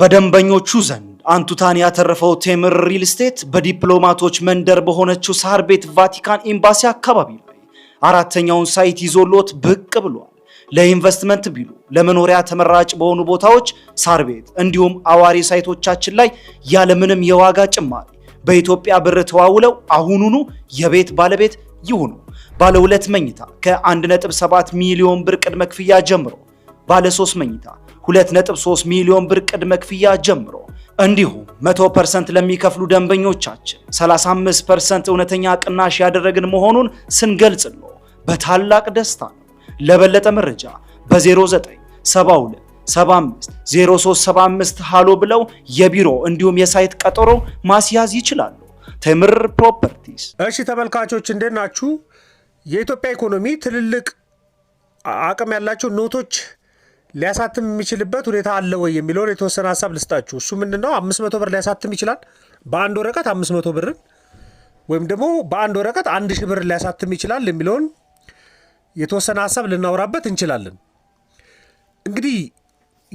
በደንበኞቹ ዘንድ አንቱታን ያተረፈው ቴምር ሪል ስቴት በዲፕሎማቶች መንደር በሆነችው ሳር ቤት ቫቲካን ኤምባሲ አካባቢ ላይ አራተኛውን ሳይት ይዞሎት ብቅ ብሏል። ለኢንቨስትመንት ቢሉ ለመኖሪያ ተመራጭ በሆኑ ቦታዎች ሳር ቤት እንዲሁም አዋሪ ሳይቶቻችን ላይ ያለምንም የዋጋ ጭማሪ በኢትዮጵያ ብር ተዋውለው አሁኑኑ የቤት ባለቤት ይሁኑ። ባለ ሁለት መኝታ ከ1.7 ሚሊዮን ብር ቅድመ ክፍያ ጀምሮ ባለ ሶስት መኝታ 2.3 ሚሊዮን ብር ቅድመ ክፍያ ጀምሮ እንዲሁም 100% ለሚከፍሉ ደንበኞቻችን 35% እውነተኛ ቅናሽ ያደረግን መሆኑን ስንገልጽ ነው በታላቅ ደስታ ነው። ለበለጠ መረጃ በ0972 75 0375 ሃሎ ብለው የቢሮ እንዲሁም የሳይት ቀጠሮ ማስያዝ ይችላሉ። ተምር ፕሮፐርቲስ። እሺ ተመልካቾች እንዴት ናችሁ? የኢትዮጵያ ኢኮኖሚ ትልልቅ አቅም ያላቸው ኖቶች ሊያሳትም የሚችልበት ሁኔታ አለ ወይ የሚለውን የተወሰነ ሀሳብ ልስጣችሁ። እሱ ምንድነው አምስት መቶ ብር ሊያሳትም ይችላል። በአንድ ወረቀት አምስት መቶ ብርን ወይም ደግሞ በአንድ ወረቀት አንድ ሺህ ብር ሊያሳትም ይችላል የሚለውን የተወሰነ ሀሳብ ልናወራበት እንችላለን። እንግዲህ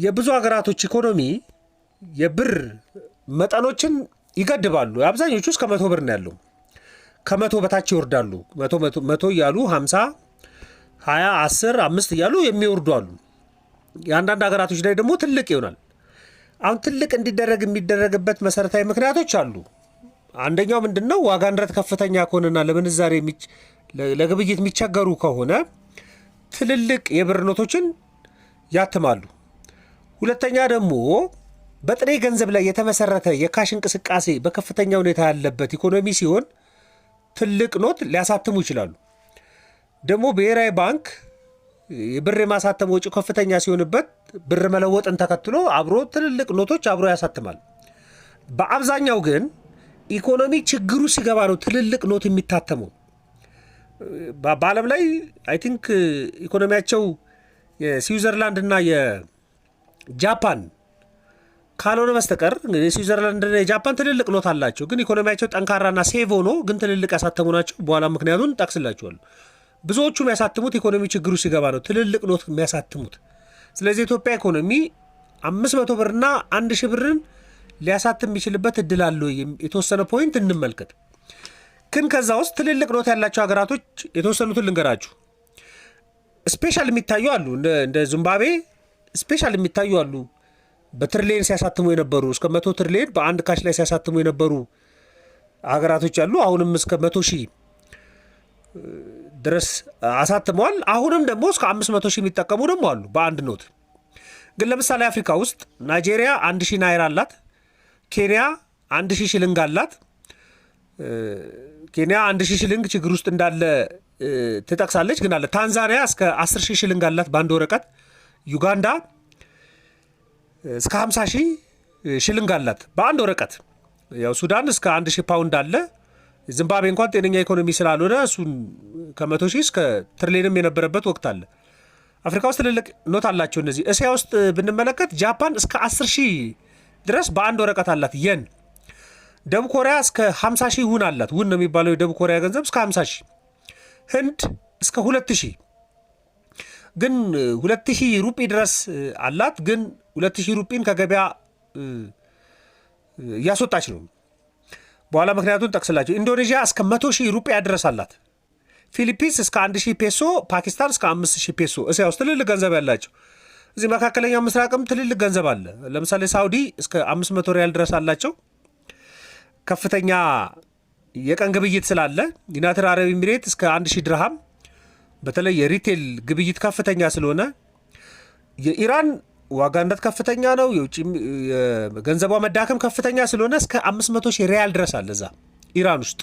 የብዙ ሀገራቶች ኢኮኖሚ የብር መጠኖችን ይገድባሉ። አብዛኞቹ ውስጥ ከመቶ ብር ነው ያለው። ከመቶ በታች ይወርዳሉ። መቶ መቶ እያሉ ሀምሳ ሀያ አስር አምስት እያሉ የሚወርዱ አሉ። የአንዳንድ ሀገራቶች ላይ ደግሞ ትልቅ ይሆናል። አሁን ትልቅ እንዲደረግ የሚደረግበት መሰረታዊ ምክንያቶች አሉ። አንደኛው ምንድን ነው? ዋጋ ንረት ከፍተኛ ከሆነና ለምንዛሬ ለግብይት የሚቸገሩ ከሆነ ትልልቅ የብር ኖቶችን ያትማሉ። ሁለተኛ ደግሞ በጥሬ ገንዘብ ላይ የተመሰረተ የካሽ እንቅስቃሴ በከፍተኛ ሁኔታ ያለበት ኢኮኖሚ ሲሆን ትልቅ ኖት ሊያሳትሙ ይችላሉ። ደግሞ ብሔራዊ ባንክ ብር የማሳተም ወጪ ከፍተኛ ሲሆንበት ብር መለወጥን ተከትሎ አብሮ ትልልቅ ኖቶች አብሮ ያሳትማል። በአብዛኛው ግን ኢኮኖሚ ችግሩ ሲገባ ነው ትልልቅ ኖት የሚታተመው። በዓለም ላይ አይ ቲንክ ኢኮኖሚያቸው የስዊዘርላንድ እና የጃፓን ካልሆነ በስተቀር የስዊዘርላንድ እና የጃፓን ትልልቅ ኖት አላቸው። ግን ኢኮኖሚያቸው ጠንካራና ሴቭ ሆኖ ግን ትልልቅ ያሳተሙ ናቸው። በኋላ ምክንያቱን ጠቅስላችኋል። ብዙዎቹ የሚያሳትሙት ኢኮኖሚ ችግሩ ሲገባ ነው፣ ትልልቅ ኖት የሚያሳትሙት። ስለዚህ የኢትዮጵያ ኢኮኖሚ አምስት መቶ ብርና አንድ ሺህ ብርን ሊያሳትም የሚችልበት እድል አለው። የተወሰነ ፖይንት እንመልከት። ግን ከዛ ውስጥ ትልልቅ ኖት ያላቸው ሀገራቶች የተወሰኑትን ልንገራችሁ። ስፔሻል የሚታዩ አሉ፣ እንደ ዚምባብዌ ስፔሻል የሚታዩ አሉ። በትሪሊየን ሲያሳትሙ የነበሩ እስከ መቶ ትሪሊየን በአንድ ካሽ ላይ ሲያሳትሙ የነበሩ ሀገራቶች አሉ። አሁንም እስከ መቶ ሺህ ድረስ አሳትመዋል። አሁንም ደግሞ እስከ 500 ሺህ የሚጠቀሙ ደግሞ አሉ በአንድ ኖት። ግን ለምሳሌ አፍሪካ ውስጥ ናይጄሪያ 1 ሺህ ናይራ አላት። ኬንያ 1 ሺህ ሽልንግ አላት። ኬንያ 1 ሺህ ሽልንግ ችግር ውስጥ እንዳለ ትጠቅሳለች፣ ግን አለ። ታንዛኒያ እስከ 10 ሺህ ሽልንግ አላት በአንድ ወረቀት። ዩጋንዳ እስከ 50 ሺህ ሽልንግ አላት በአንድ ወረቀት። ያው ሱዳን እስከ 1 ሺህ ፓውንድ አለ። ዚምባብዌ እንኳን ጤነኛ ኢኮኖሚ ስላልሆነ እሱን ከመቶ ሺህ እስከ ትሪሊዮንም የነበረበት ወቅት አለ። አፍሪካ ውስጥ ትልልቅ ኖት አላቸው እነዚህ። እስያ ውስጥ ብንመለከት ጃፓን እስከ 10 ሺህ ድረስ በአንድ ወረቀት አላት የን። ደቡብ ኮሪያ እስከ 50 ሺህ ውን አላት። ውን ነው የሚባለው የደቡብ ኮሪያ ገንዘብ እስከ 50 ሺህ። ህንድ እስከ 2 ሺህ ግን 2 ሺህ ሩጲ ድረስ አላት። ግን 2 ሺህ ሩጲን ከገበያ እያስወጣች ነው። በኋላ ምክንያቱን ጠቅስላቸው። ኢንዶኔዥያ እስከ መቶ ሺህ ሩጵያ ድረሳላት ፊሊፒንስ እስከ አንድ ሺህ ፔሶ፣ ፓኪስታን እስከ አምስት ሺህ ፔሶ። እስያ ውስጥ ትልልቅ ገንዘብ ያላቸው እዚህ መካከለኛው ምስራቅም ትልልቅ ገንዘብ አለ። ለምሳሌ ሳውዲ እስከ መቶ ሪያል ድረስ አላቸው። ከፍተኛ የቀን ግብይት ስላለ ዩናይትድ አረብ ኤሚሬት እስከ 1 ሺህ ድርሃም፣ በተለይ የሪቴል ግብይት ከፍተኛ ስለሆነ የኢራን ዋጋነት ከፍተኛ ነው። የውጭ ገንዘቧ መዳከም ከፍተኛ ስለሆነ እስከ 500 ሺህ ሪያል ድረስ አለ እዛ ኢራን ውስጥ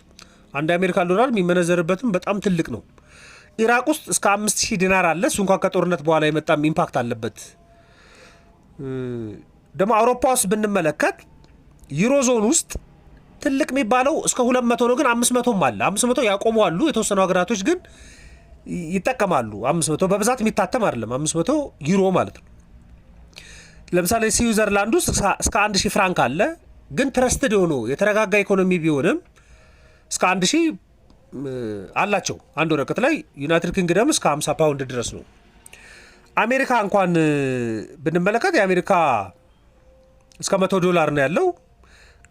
አንድ አሜሪካ ዶላር የሚመነዘርበትም በጣም ትልቅ ነው። ኢራቅ ውስጥ እስከ 5000 ዲናር አለ። እሱ እንኳን ከጦርነት በኋላ የመጣም ኢምፓክት አለበት። ደግሞ አውሮፓ ውስጥ ብንመለከት ዩሮ ዞን ውስጥ ትልቅ የሚባለው እስከ 200 ነው፣ ግን 500ም አለ። 500 ያቆሙ አሉ። የተወሰኑ ሀገራቶች ግን ይጠቀማሉ። 500 በብዛት የሚታተም አይደለም። 500 ዩሮ ማለት ነው። ለምሳሌ ስዊዘርላንድ ውስጥ እስከ አንድ ሺህ ፍራንክ አለ። ግን ትረስትድ የሆኑ የተረጋጋ ኢኮኖሚ ቢሆንም እስከ አንድ ሺህ አላቸው። አንድ ወረቀት ላይ ዩናይትድ ኪንግደም እስከ 50 ፓውንድ ድረስ ነው። አሜሪካ እንኳን ብንመለከት የአሜሪካ እስከ መቶ ዶላር ነው ያለው።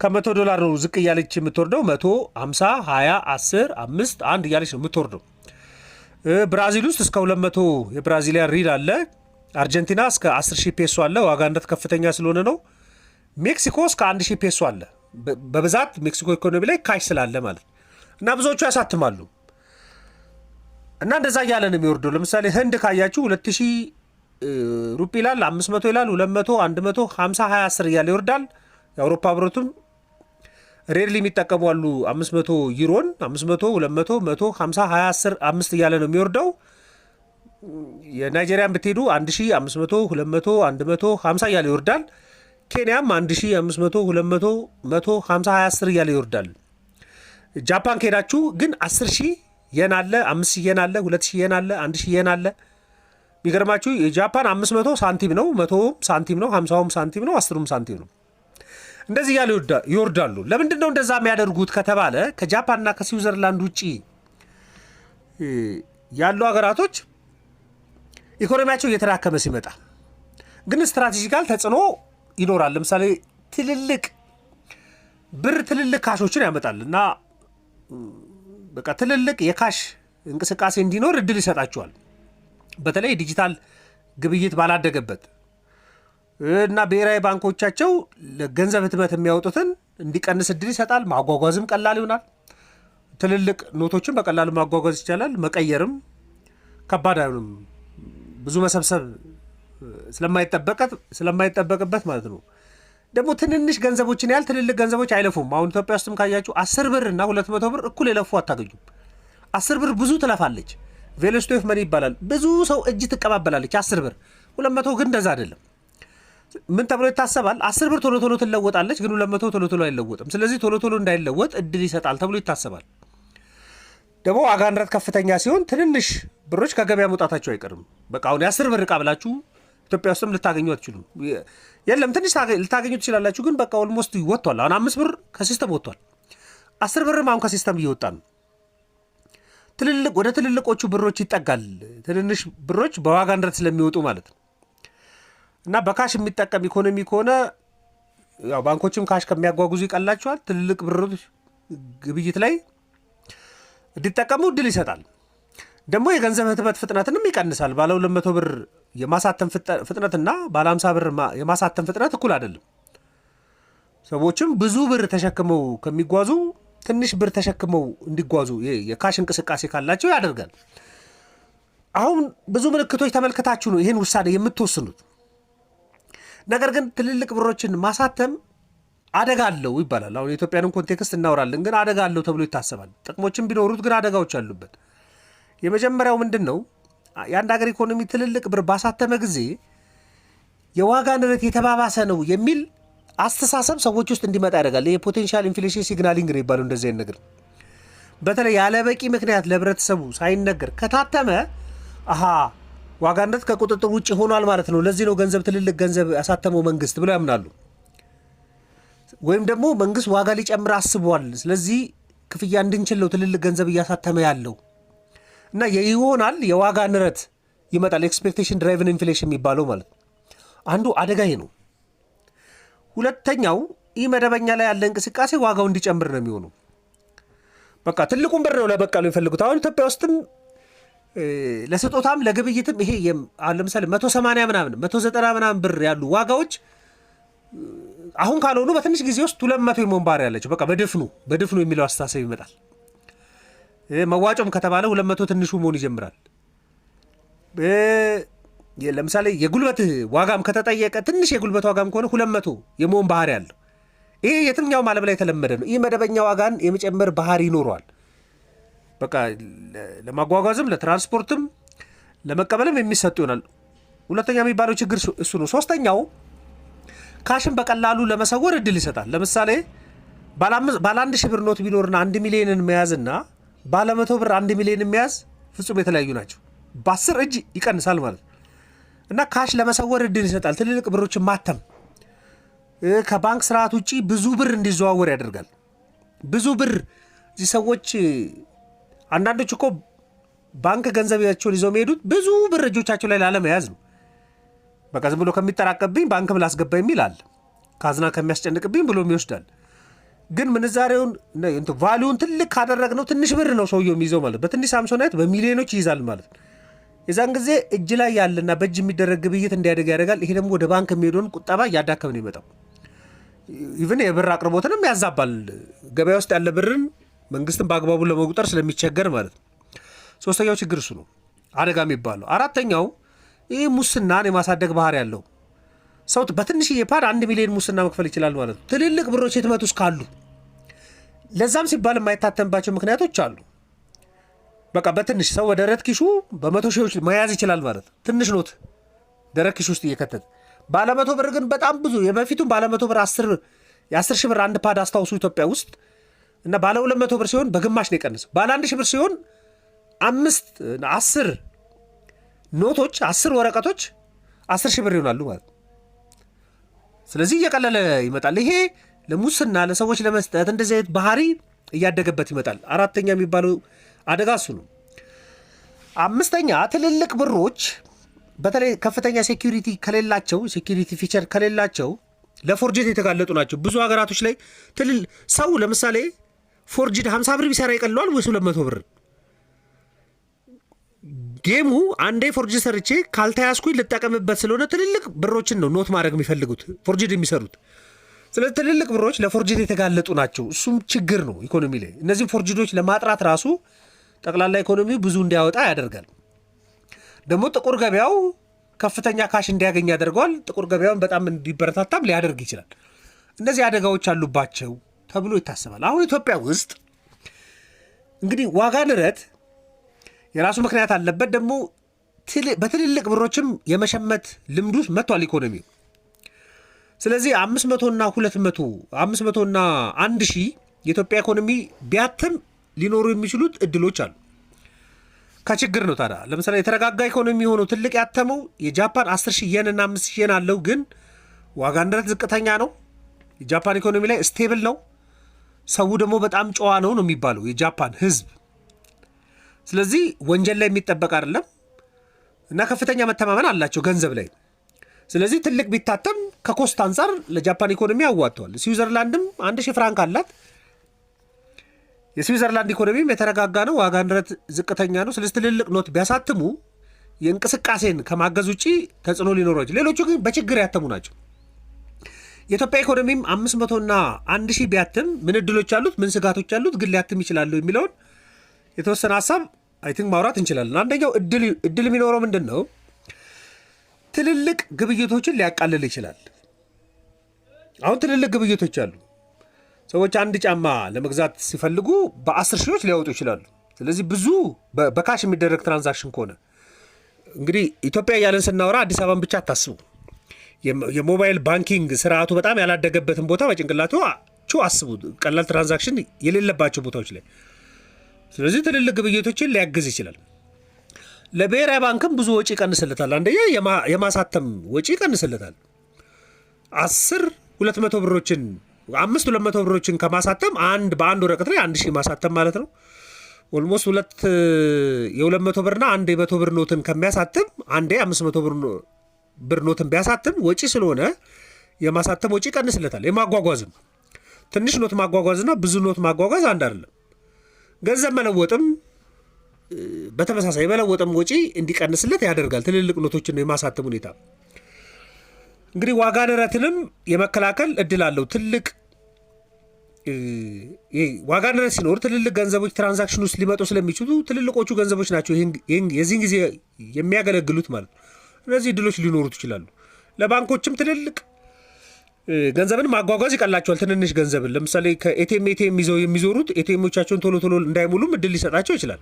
ከመቶ ዶላር ነው ዝቅ እያለች የምትወርደው። መቶ ሃምሳ ሃያ አስር አምስት አንድ እያለች ነው የምትወርደው። ብራዚል ውስጥ እስከ ሁለት መቶ የብራዚሊያን ሪል አለ። አርጀንቲና እስከ 10 ፔሶ አለ፣ ዋጋ ንረት ከፍተኛ ስለሆነ ነው። ሜክሲኮ እስከ 1000 ፔሶ አለ። በብዛት ሜክሲኮ ኢኮኖሚ ላይ ካሽ ስላለ ማለት እና ብዙዎቹ ያሳትማሉ እና እንደዛ እያለ ነው የሚወርደው። ለምሳሌ ህንድ ካያችሁ 2000 ሩፒ ይላል፣ 500 ይላል፣ 200፣ 100፣ 50፣ 20፣ 10 እያለ ይወርዳል። የአውሮፓ ህብረቱም ሬርሊ የሚጠቀሙ አሉ። 500 ዩሮን 500፣ 200፣ 100፣ 50፣ 20፣ 10፣ 5 እያለ ነው የሚወርደው። የናይጄሪያን ብትሄዱ 1500፣ 200፣ 150 እያለ ይወርዳል። ኬንያም 1500፣ 200፣ 100፣ 50፣ እያለ ይወርዳል። ጃፓን ከሄዳችሁ ግን 10 የን አለ፣ 5 የን አለ፣ 2 የን አለ፣ 1 የን አለ። የሚገርማችሁ የጃፓን 500 ሳንቲም ነው፣ መቶውም ሳንቲም ነው፣ 50ውም ሳንቲም ነው፣ ሳንቲም ነው። እንደዚህ እያለ ይወርዳሉ። ለምንድን ነው እንደዛ የሚያደርጉት ከተባለ ከጃፓንና ከስዊዘርላንድ ውጭ ያሉ ሀገራቶች ኢኮኖሚያቸው እየተዳከመ ሲመጣ ግን ስትራቴጂካል ተጽዕኖ ይኖራል። ለምሳሌ ትልልቅ ብር ትልልቅ ካሾችን ያመጣል እና በቃ ትልልቅ የካሽ እንቅስቃሴ እንዲኖር እድል ይሰጣቸዋል። በተለይ ዲጂታል ግብይት ባላደገበት እና ብሔራዊ ባንኮቻቸው ለገንዘብ ህትመት የሚያወጡትን እንዲቀንስ እድል ይሰጣል። ማጓጓዝም ቀላል ይሆናል። ትልልቅ ኖቶችን በቀላሉ ማጓጓዝ ይቻላል። መቀየርም ከባድ አይሆንም። ብዙ መሰብሰብ ስለማይጠበቅበት ማለት ነው። ደግሞ ትንንሽ ገንዘቦችን ያህል ትልልቅ ገንዘቦች አይለፉም። አሁን ኢትዮጵያ ውስጥም ካያችሁ አስር ብር እና ሁለት መቶ ብር እኩል የለፉ አታገኙም። አስር ብር ብዙ ትለፋለች። ቬሎስቶፍ መን ይባላል። ብዙ ሰው እጅ ትቀባበላለች። አስር ብር ሁለት መቶ ግን እንደዛ አይደለም። ምን ተብሎ ይታሰባል? አስር ብር ቶሎ ቶሎ ትለወጣለች፣ ግን ሁለት መቶ ቶሎ ቶሎ አይለወጥም። ስለዚህ ቶሎ ቶሎ እንዳይለወጥ እድል ይሰጣል ተብሎ ይታሰባል። ደግሞ ዋጋ ንረት ከፍተኛ ሲሆን ትንንሽ ብሮች ከገበያ መውጣታቸው አይቀርም። በቃ አሁን የአስር ብር እቃ ብላችሁ ኢትዮጵያ ውስጥም ልታገኙ አትችሉም። የለም ትንሽ ልታገኙ ትችላላችሁ፣ ግን በቃ ኦልሞስት ወጥቷል። አሁን አምስት ብር ከሲስተም ወጥቷል። አስር ብርም አሁን ከሲስተም እየወጣ ነው። ትልልቅ ወደ ትልልቆቹ ብሮች ይጠጋል። ትንንሽ ብሮች በዋጋ ንረት ስለሚወጡ ማለት ነው። እና በካሽ የሚጠቀም ኢኮኖሚ ከሆነ ያው ባንኮችም ካሽ ከሚያጓጉዙ ይቀላቸዋል። ትልልቅ ብሮች ግብይት ላይ እንዲጠቀሙ እድል ይሰጣል። ደግሞ የገንዘብ ህትመት ፍጥነትንም ይቀንሳል። ባለ 200 ብር የማሳተም ፍጥነትና ባለ 50 ብር የማሳተም ፍጥነት እኩል አይደለም። ሰዎችም ብዙ ብር ተሸክመው ከሚጓዙ ትንሽ ብር ተሸክመው እንዲጓዙ የካሽ እንቅስቃሴ ካላቸው ያደርጋል። አሁን ብዙ ምልክቶች ተመልክታችሁ ነው ይህን ውሳኔ የምትወስኑት። ነገር ግን ትልልቅ ብሮችን ማሳተም አደጋ አለው ይባላል። አሁን የኢትዮጵያንም ኮንቴክስት እናወራለን፣ ግን አደጋ አለው ተብሎ ይታሰባል። ጥቅሞችም ቢኖሩት ግን አደጋዎች አሉበት። የመጀመሪያው ምንድን ነው? የአንድ ሀገር ኢኮኖሚ ትልልቅ ብር ባሳተመ ጊዜ የዋጋ ንረት የተባባሰ ነው የሚል አስተሳሰብ ሰዎች ውስጥ እንዲመጣ ያደርጋል። ይህ ፖቴንሻል ኢንፍሌሽን ሲግናሊንግ ነው የሚባለው። እንደዚህ አይነት ነገር በተለይ ያለበቂ ምክንያት ለህብረተሰቡ ሳይነገር ከታተመ አሃ ዋጋ ንረት ከቁጥጥር ውጭ ሆኗል ማለት ነው፣ ለዚህ ነው ገንዘብ ትልልቅ ገንዘብ ያሳተመው መንግስት ብለው ያምናሉ። ወይም ደግሞ መንግስት ዋጋ ሊጨምር አስቧል፣ ስለዚህ ክፍያ እንድንችለው ነው ትልልቅ ገንዘብ እያሳተመ ያለው እና ይሆናል የዋጋ ንረት ይመጣል። ኤክስፔክቴሽን ድራይቭን ኢንፍሌሽን የሚባለው ማለት ነው። አንዱ አደጋ ይሄ ነው። ሁለተኛው ይህ መደበኛ ላይ ያለ እንቅስቃሴ ዋጋው እንዲጨምር ነው የሚሆኑ። በቃ ትልቁን ብር ነው ለበቀሉ የሚፈልጉት። አሁን ኢትዮጵያ ውስጥም ለስጦታም ለግብይትም ይሄ ለምሳሌ መቶ ሰማንያ ምናምን መቶ ዘጠና ምናምን ብር ያሉ ዋጋዎች አሁን ካልሆኑ በትንሽ ጊዜ ውስጥ ሁለት መቶ የመንባር ባህሪ በቃ በድፍኑ በድፍኑ የሚለው አስተሳሰብ ይመጣል። መዋጮም ከተባለ ሁለት መቶ ትንሹ መሆን ይጀምራል። ለምሳሌ የጉልበት ዋጋም ከተጠየቀ ትንሽ የጉልበት ዋጋም ከሆነ ሁለት መቶ የመሆን ባህሪ አለው። ይህ የትኛውም ዓለም ላይ የተለመደ ነው። ይህ መደበኛ ዋጋን የመጨመር ባህሪ ይኖረዋል። በቃ ለማጓጓዝም ለትራንስፖርትም ለመቀበልም የሚሰጡ ይሆናል። ሁለተኛ የሚባለው ችግር እሱ ነው። ሶስተኛው ካሽን በቀላሉ ለመሰወር እድል ይሰጣል። ለምሳሌ ባለ አንድ ሺህ ብር ኖት ቢኖርና አንድ ሚሊዮንን መያዝና ባለመቶ ብር አንድ ሚሊዮን የሚያዝ ፍጹም የተለያዩ ናቸው። በአስር እጅ ይቀንሳል ማለት ነው እና ካሽ ለመሰወር እድል ይሰጣል። ትልልቅ ብሮችን ማተም ከባንክ ስርዓት ውጭ ብዙ ብር እንዲዘዋወር ያደርጋል። ብዙ ብር እዚህ ሰዎች አንዳንዶች እኮ ባንክ ገንዘባቸውን ይዘው የሚሄዱት ብዙ ብር እጆቻቸው ላይ ላለመያዝ ነው። በቃ ዝም ብሎ ከሚጠራቀብኝ ባንክም ላስገባ የሚል አለ። ካዝና ከሚያስጨንቅብኝ ብሎም ይወስዳል። ግን ምንዛሬውን ቫሊውን ትልቅ ካደረግ ነው ትንሽ ብር ነው ሰውየው የሚይዘው ማለት በትንሽ ሳምሶናይት በሚሊዮኖች ይይዛል ማለት ነው። የዛን ጊዜ እጅ ላይ ያለና በእጅ የሚደረግ ግብይት እንዲያደግ ያደርጋል። ይሄ ደግሞ ወደ ባንክ የሚሄደውን ቁጠባ እያዳከም ነው ይመጣው። ኢቭን የብር አቅርቦትንም ያዛባል። ገበያ ውስጥ ያለ ብርን መንግስትን በአግባቡ ለመቁጠር ስለሚቸገር ማለት ነው። ሶስተኛው ችግር እሱ ነው አደጋ የሚባለው። አራተኛው ይህ ሙስናን የማሳደግ ባህሪ ያለው ሰው በትንሽዬ ፓድ አንድ ሚሊዮን ሙስና መክፈል ይችላል ማለት ነው። ትልልቅ ብሮች ህትመት ውስጥ ካሉ ለዛም ሲባል የማይታተምባቸው ምክንያቶች አሉ። በቃ በትንሽ ሰው ወደ ደረት ኪሹ በመቶ ሺዎች መያዝ ይችላል ማለት ትንሽ ኖት ደረት ኪሹ ውስጥ እየከተተ ባለመቶ ብር ግን በጣም ብዙ የበፊቱን ባለመቶ ብር የአስር ሺህ ብር አንድ ፓድ አስታውሱ ኢትዮጵያ ውስጥ እና ባለ ሁለት መቶ ብር ሲሆን በግማሽ ነው የቀነሰው። ባለ አንድ ሺህ ብር ሲሆን አምስት አስር ኖቶች አስር ወረቀቶች አስር ሺህ ብር ይሆናሉ ማለት ነው። ስለዚህ እየቀለለ ይመጣል። ይሄ ለሙስና ለሰዎች ለመስጠት እንደዚህ አይነት ባህሪ እያደገበት ይመጣል። አራተኛ የሚባለው አደጋ እሱ ነው። አምስተኛ ትልልቅ ብሮች በተለይ ከፍተኛ ሴኪሪቲ ከሌላቸው ሴኪሪቲ ፊቸር ከሌላቸው ለፎርጅድ የተጋለጡ ናቸው። ብዙ ሀገራቶች ላይ ትልል ሰው ለምሳሌ ፎርጅድ 50 ብር ቢሰራ ይቀለዋል ወይስ 200 ብር ጌሙ አንዴ ፎርጅ ሰርቼ ካልተያዝኩኝ ልጠቀምበት ስለሆነ ትልልቅ ብሮችን ነው ኖት ማድረግ የሚፈልጉት ፎርጅድ የሚሰሩት። ስለዚህ ትልልቅ ብሮች ለፎርጅድ የተጋለጡ ናቸው። እሱም ችግር ነው ኢኮኖሚ ላይ። እነዚህም ፎርጅዶች ለማጥራት ራሱ ጠቅላላ ኢኮኖሚ ብዙ እንዲያወጣ ያደርጋል። ደግሞ ጥቁር ገበያው ከፍተኛ ካሽ እንዲያገኝ ያደርገዋል። ጥቁር ገበያውን በጣም እንዲበረታታም ሊያደርግ ይችላል። እነዚህ አደጋዎች አሉባቸው ተብሎ ይታሰባል። አሁን ኢትዮጵያ ውስጥ እንግዲህ ዋጋ ንረት የራሱ ምክንያት አለበት። ደግሞ በትልልቅ ብሮችም የመሸመት ልምድ ውስጥ መጥቷል ኢኮኖሚው። ስለዚህ አምስት መቶና ሁለት መቶ አምስት መቶና አንድ ሺህ የኢትዮጵያ ኢኮኖሚ ቢያትም ሊኖሩ የሚችሉት እድሎች አሉ። ከችግር ነው ታዲያ። ለምሳሌ የተረጋጋ ኢኮኖሚ የሆነው ትልቅ ያተመው የጃፓን 10 ሺህ የን እና 5 ሺህ የን አለው፣ ግን ዋጋ ንረት ዝቅተኛ ነው። የጃፓን ኢኮኖሚ ላይ ስቴብል ነው። ሰው ደግሞ በጣም ጨዋ ነው ነው የሚባለው የጃፓን ህዝብ። ስለዚህ ወንጀል ላይ የሚጠበቅ አይደለም እና ከፍተኛ መተማመን አላቸው ገንዘብ ላይ። ስለዚህ ትልቅ ቢታተም ከኮስት አንጻር ለጃፓን ኢኮኖሚ ያዋጥተዋል። ስዊዘርላንድም አንድ ሺህ ፍራንክ አላት። የስዊዘርላንድ ኢኮኖሚም የተረጋጋ ነው፣ ዋጋ ንረት ዝቅተኛ ነው። ስለዚህ ትልልቅ ኖት ቢያሳትሙ የእንቅስቃሴን ከማገዝ ውጭ ተጽዕኖ ሊኖረች፣ ሌሎቹ ግን በችግር ያተሙ ናቸው። የኢትዮጵያ ኢኮኖሚም አምስት መቶና አንድ ሺህ ቢያትም ምን እድሎች አሉት፣ ምን ስጋቶች አሉት፣ ግን ሊያትም ይችላሉ የሚለውን የተወሰነ ሀሳብ አይ ቲንክ ማውራት እንችላለን። አንደኛው እድል የሚኖረው ምንድን ነው? ትልልቅ ግብይቶችን ሊያቃልል ይችላል። አሁን ትልልቅ ግብይቶች አሉ። ሰዎች አንድ ጫማ ለመግዛት ሲፈልጉ በአስር ሺዎች ሊያወጡ ይችላሉ። ስለዚህ ብዙ በካሽ የሚደረግ ትራንዛክሽን ከሆነ እንግዲህ ኢትዮጵያ እያለን ስናወራ አዲስ አበባን ብቻ አታስቡ። የሞባይል ባንኪንግ ስርዓቱ በጣም ያላደገበትን ቦታ በጭንቅላቱ አስቡ። ቀላል ትራንዛክሽን የሌለባቸው ቦታዎች ላይ ስለዚህ ትልልቅ ግብይቶችን ሊያግዝ ይችላል። ለብሔራዊ ባንክም ብዙ ወጪ ይቀንስለታል። አንደኛ የማሳተም ወጪ ይቀንስለታል። አስር ሁለት መቶ ብሮችን አምስት ሁለት መቶ ብሮችን ከማሳተም አንድ በአንድ ወረቀት ላይ አንድ ሺህ ማሳተም ማለት ነው። ኦልሞስት ሁለት የሁለት መቶ ብርና አንድ የመቶ ብር ኖትን ከሚያሳትም አንዴ አምስት መቶ ብር ኖትን ቢያሳትም ወጪ ስለሆነ የማሳተም ወጪ ይቀንስለታል። የማጓጓዝም ትንሽ ኖት ማጓጓዝና ብዙ ኖት ማጓጓዝ አንድ አይደለም። ገንዘብ መለወጥም በተመሳሳይ የመለወጥም ወጪ እንዲቀንስለት ያደርጋል። ትልልቅ ኖቶችን የማሳተም ሁኔታ እንግዲህ ዋጋ ንረትንም የመከላከል እድል አለው። ትልቅ ዋጋ ንረት ሲኖር ትልልቅ ገንዘቦች ትራንዛክሽን ውስጥ ሊመጡ ስለሚችሉ ትልልቆቹ ገንዘቦች ናቸው የዚህን ጊዜ የሚያገለግሉት ማለት ነው። እነዚህ እድሎች ሊኖሩት ይችላሉ። ለባንኮችም ትልልቅ ገንዘብን ማጓጓዝ ይቀላቸዋል። ትንንሽ ገንዘብን ለምሳሌ ከኤቴም ኤቴም ይዘው የሚዞሩት ኤቴሞቻቸውን ቶሎ ቶሎ እንዳይሞሉም እድል ሊሰጣቸው ይችላል።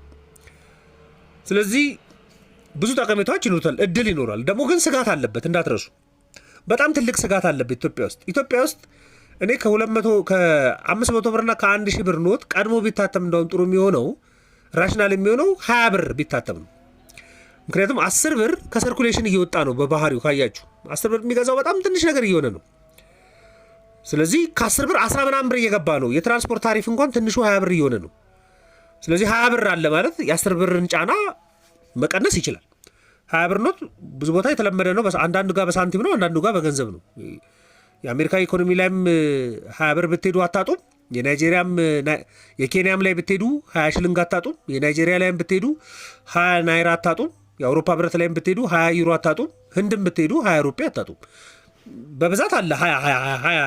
ስለዚህ ብዙ ጠቀሜታዎች ይኖታል፣ እድል ይኖራል። ደግሞ ግን ስጋት አለበት እንዳትረሱ። በጣም ትልቅ ስጋት አለበት ኢትዮጵያ ውስጥ ኢትዮጵያ ውስጥ እኔ ከአምስት መቶ ብርና ከአንድ ሺህ ብር ኖት ቀድሞ ቢታተም እንደውም ጥሩ የሚሆነው ራሽናል የሚሆነው ሀያ ብር ቢታተም ነው። ምክንያቱም አስር ብር ከሰርኩሌሽን እየወጣ ነው በባህሪው ካያችሁ፣ አስር ብር የሚገዛው በጣም ትንሽ ነገር እየሆነ ነው። ስለዚህ ከ10 ብር 1 ምናምን ብር እየገባ ነው። የትራንስፖርት ታሪፍ እንኳን ትንሹ 20 ብር እየሆነ ነው። ስለዚህ 20 ብር አለ ማለት የ10 ብርን ጫና መቀነስ ይችላል። 20 ብር ኖት ብዙ ቦታ የተለመደ ነው። አንዳንዱ ጋር በሳንቲም ነው፣ አንዳንዱ ጋር በገንዘብ ነው። የአሜሪካ ኢኮኖሚ ላይም 20 ብር ብትሄዱ አታጡም። የናይጄሪያም የኬንያም ላይ ብትሄዱ 20 ሽልንግ አታጡም። የናይጄሪያ ላይም ብትሄዱ 20 ናይራ አታጡም። የአውሮፓ ብረት ላይም ብትሄዱ 20 ዩሮ አታጡም። ህንድም ብትሄዱ 20 ሩፒ አታጡም። በብዛት አለ ሀያ ሀያ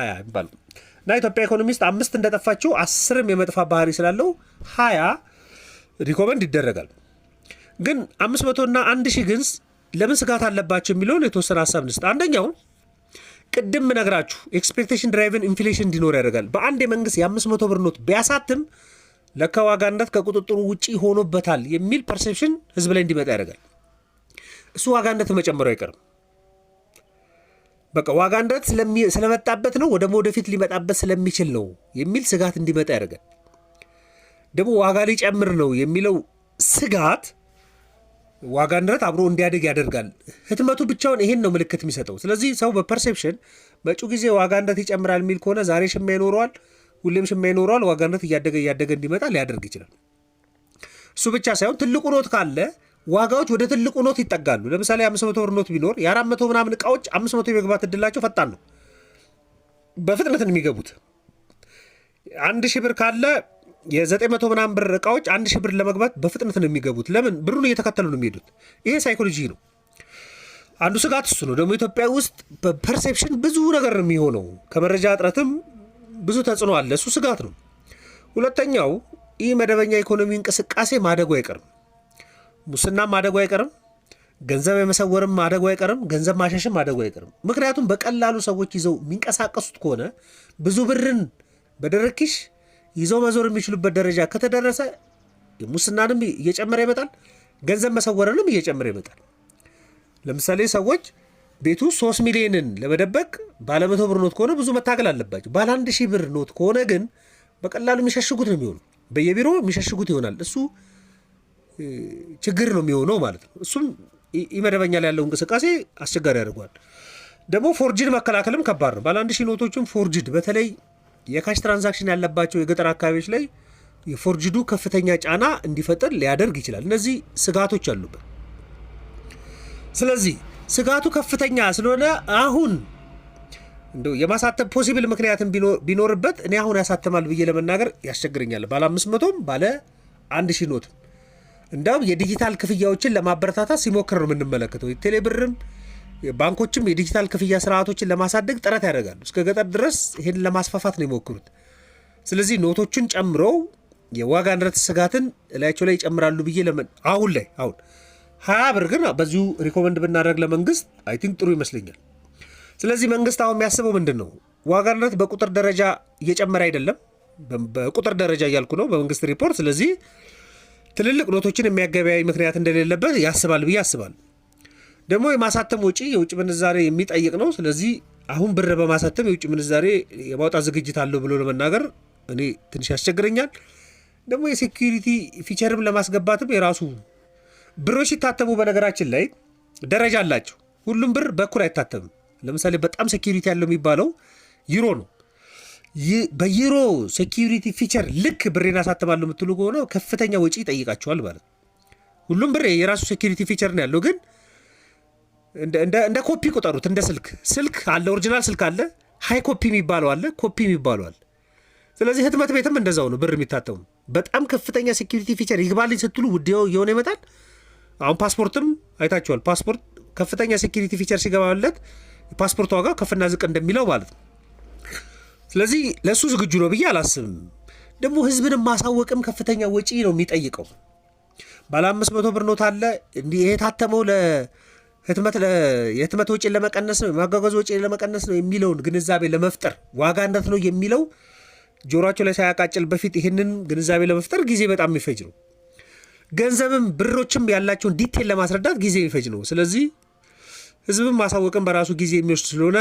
እና ኢትዮጵያ ኢኮኖሚ ውስጥ አምስት እንደጠፋችው አስርም የመጥፋ ባህሪ ስላለው ሀያ ሪኮመንድ ይደረጋል። ግን አምስት መቶና አንድ ሺህ ግንስ ለምን ስጋት አለባቸው የሚለውን የተወሰነ ሀሳብ ንስጥ። አንደኛው ቅድም ነግራችሁ ኤክስፔክቴሽን ድራይቨን ኢንፍሌሽን እንዲኖር ያደርጋል። በአንድ የመንግስት የአምስት መቶ ብር ኖት ቢያሳትም ለካ ዋጋነት ከቁጥጥሩ ውጪ ሆኖበታል የሚል ፐርሴፕሽን ህዝብ ላይ እንዲመጣ ያደርጋል። እሱ ዋጋነት መጨመሩ አይቀርም። በቃ ዋጋ ንረት ስለመጣበት ነው ወደሞ ወደፊት ሊመጣበት ስለሚችል ነው የሚል ስጋት እንዲመጣ ያደርጋል። ደግሞ ዋጋ ሊጨምር ነው የሚለው ስጋት ዋጋ ንረት አብሮ እንዲያደግ ያደርጋል። ህትመቱ ብቻውን ይሄን ነው ምልክት የሚሰጠው። ስለዚህ ሰው በፐርሴፕሽን መጪው ጊዜ ዋጋ ንረት ይጨምራል የሚል ከሆነ ዛሬ ሽማ ይኖረዋል፣ ሁሌም ሽማ ይኖረዋል። ዋጋ ንረት እያደገ እያደገ እንዲመጣ ሊያደርግ ይችላል። እሱ ብቻ ሳይሆን ትልቁ ኖት ካለ ዋጋዎች ወደ ትልቁ ኖት ይጠጋሉ። ለምሳሌ መቶ ብር ኖት ቢኖር የአራት መቶ ምናምን እቃዎች መቶ የመግባት እድላቸው ፈጣን ነው። በፍጥነት ነው የሚገቡት። አንድ ሺህ ብር ካለ የዘጠኝ መቶ ምናምን ብር እቃዎች አንድ ሺህ ብር ለመግባት በፍጥነት ነው የሚገቡት። ለምን? ብሩን እየተከተሉ ነው የሚሄዱት። ይሄ ሳይኮሎጂ ነው። አንዱ ስጋት እሱ ነው። ደግሞ ኢትዮጵያ ውስጥ በፐርሴፕሽን ብዙ ነገር ነው የሚሆነው። ከመረጃ እጥረትም ብዙ ተጽዕኖ አለ። እሱ ስጋት ነው። ሁለተኛው ይህ መደበኛ ኢኮኖሚ እንቅስቃሴ ማደጉ አይቀርም። ሙስናም ማደጉ አይቀርም። ገንዘብ የመሰወርም ማደጉ አይቀርም። ገንዘብ ማሸሽም ማደጉ አይቀርም። ምክንያቱም በቀላሉ ሰዎች ይዘው የሚንቀሳቀሱት ከሆነ ብዙ ብርን በደረኪሽ ይዘው መዞር የሚችሉበት ደረጃ ከተደረሰ ሙስናንም እየጨመረ ይመጣል። ገንዘብ መሰወርንም እየጨመረ ይመጣል። ለምሳሌ ሰዎች ቤቱ ሶስት ሚሊዮንን ለመደበቅ ባለመቶ ብር ኖት ከሆነ ብዙ መታገል አለባቸው። ባለ አንድ ሺህ ብር ኖት ከሆነ ግን በቀላሉ የሚሸሽጉት ነው የሚሆኑ በየቢሮ የሚሸሽጉት ይሆናል እሱ ችግር ነው የሚሆነው ማለት ነው። እሱም መደበኛ ላይ ያለው እንቅስቃሴ አስቸጋሪ ያደርጓል። ደግሞ ፎርጅድ መከላከልም ከባድ ነው። ባለ አንድ ሺህ ኖቶችን ፎርጅድ በተለይ የካሽ ትራንዛክሽን ያለባቸው የገጠር አካባቢዎች ላይ የፎርጅዱ ከፍተኛ ጫና እንዲፈጠር ሊያደርግ ይችላል። እነዚህ ስጋቶች አሉበት። ስለዚህ ስጋቱ ከፍተኛ ስለሆነ አሁን እንደው የማሳተም ፖሲብል ምክንያትም ቢኖርበት እኔ አሁን ያሳተማል ብዬ ለመናገር ያስቸግረኛል። ባለ አምስት መቶም ባለ አንድ ሺህ ኖትም እንዳውም የዲጂታል ክፍያዎችን ለማበረታታት ሲሞክር ነው የምንመለከተው። ቴሌብርም ባንኮችም የዲጂታል ክፍያ ስርዓቶችን ለማሳደግ ጥረት ያደርጋሉ። እስከ ገጠር ድረስ ይህን ለማስፋፋት ነው የሞክሩት። ስለዚህ ኖቶችን ጨምሮ የዋጋ ንረት ስጋትን እላያቸው ላይ ይጨምራሉ ብዬ ለምን አሁን ላይ አሁን ሀያ ብር ግን በዚሁ ሪኮመንድ ብናደርግ ለመንግስት አይ ቲንክ ጥሩ ይመስለኛል። ስለዚህ መንግስት አሁን የሚያስበው ምንድን ነው? ዋጋ ንረት በቁጥር ደረጃ እየጨመረ አይደለም፣ በቁጥር ደረጃ እያልኩ ነው በመንግስት ሪፖርት። ስለዚህ ትልልቅ ኖቶችን የሚያገበያይ ምክንያት እንደሌለበት ያስባል ብዬ ያስባል። ደግሞ የማሳተም ውጪ የውጭ ምንዛሬ የሚጠይቅ ነው። ስለዚህ አሁን ብር በማሳተም የውጭ ምንዛሬ የማውጣት ዝግጅት አለው ብሎ ለመናገር እኔ ትንሽ ያስቸግረኛል። ደግሞ የሴኪሪቲ ፊቸርም ለማስገባትም የራሱ ብሮች ሲታተሙ በነገራችን ላይ ደረጃ አላቸው። ሁሉም ብር በኩል አይታተምም። ለምሳሌ በጣም ሴኪሪቲ ያለው የሚባለው ዩሮ ነው። በዩሮ ሴኪሪቲ ፊቸር ልክ ብሬን አሳትማለሁ የምትሉ ከሆነ ከፍተኛ ወጪ ይጠይቃቸዋል ማለት ነው። ሁሉም ብሬ የራሱ ሴኪሪቲ ፊቸር ነው ያለው፣ ግን እንደ ኮፒ ቁጠሩት። እንደ ስልክ ስልክ አለ፣ ኦሪጂናል ስልክ አለ፣ ሀይ ኮፒ የሚባለው አለ፣ ኮፒ የሚባለው አለ። ስለዚህ ህትመት ቤትም እንደዛው ነው ብር የሚታተሙ በጣም ከፍተኛ ሴኪሪቲ ፊቸር ይግባልኝ ስትሉ ውድ እየሆነ ይመጣል። አሁን ፓስፖርትም አይታችኋል። ፓስፖርት ከፍተኛ ሴኪሪቲ ፊቸር ሲገባለት ፓስፖርት ዋጋው ከፍና ዝቅ እንደሚለው ማለት ነው። ስለዚህ ለእሱ ዝግጁ ነው ብዬ አላስብም። ደግሞ ህዝብንም ማሳወቅም ከፍተኛ ወጪ ነው የሚጠይቀው። ባለ አምስት መቶ ብር ኖት አለ ይሄ የታተመው የህትመት ወጪን ለመቀነስ ነው፣ የማጓጓዝ ወጪን ለመቀነስ ነው የሚለውን ግንዛቤ ለመፍጠር ዋጋ እንደት ነው የሚለው ጆሮቸው ላይ ሳያቃጭል በፊት ይህንን ግንዛቤ ለመፍጠር ጊዜ በጣም የሚፈጅ ነው። ገንዘብም ብሮችም ያላቸውን ዲቴል ለማስረዳት ጊዜ የሚፈጅ ነው። ስለዚህ ህዝብም ማሳወቅም በራሱ ጊዜ የሚወስድ ስለሆነ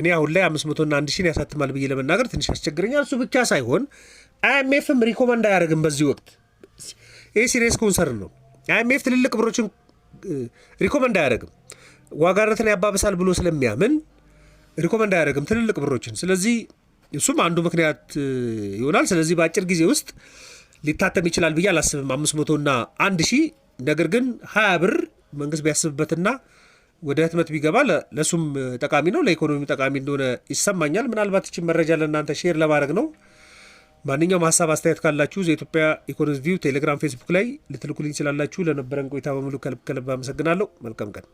እኔ አሁን ላይ አምስት መቶና አንድ ሺን ያሳትማል ብዬ ለመናገር ትንሽ ያስቸግረኛል። እሱ ብቻ ሳይሆን አይኤምኤፍም ሪኮመንድ አያደርግም በዚህ ወቅት። ይህ ሲሪየስ ኮንሰርን ነው። አይኤምኤፍ ትልልቅ ብሮችን ሪኮመንድ አያደርግም ዋጋ ንረትን ያባብሳል ብሎ ስለሚያምን ሪኮመንድ አያደርግም ትልልቅ ብሮችን። ስለዚህ እሱም አንዱ ምክንያት ይሆናል። ስለዚህ በአጭር ጊዜ ውስጥ ሊታተም ይችላል ብዬ አላስብም አምስት መቶና አንድ ሺህ ነገር ግን ሀያ ብር መንግስት ቢያስብበትና ወደ ህትመት ቢገባ ለእሱም ጠቃሚ ነው፣ ለኢኮኖሚ ጠቃሚ እንደሆነ ይሰማኛል። ምናልባት ይችን መረጃ ለእናንተ ሼር ለማድረግ ነው። ማንኛውም ሀሳብ አስተያየት ካላችሁ ዘኢትዮጵያ ኢኮኖሚ ቪው ቴሌግራም፣ ፌስቡክ ላይ ልትልኩልኝ ይችላላችሁ። ለነበረን ቆይታ በሙሉ ከልብ ከልብ አመሰግናለሁ። መልካም ቀን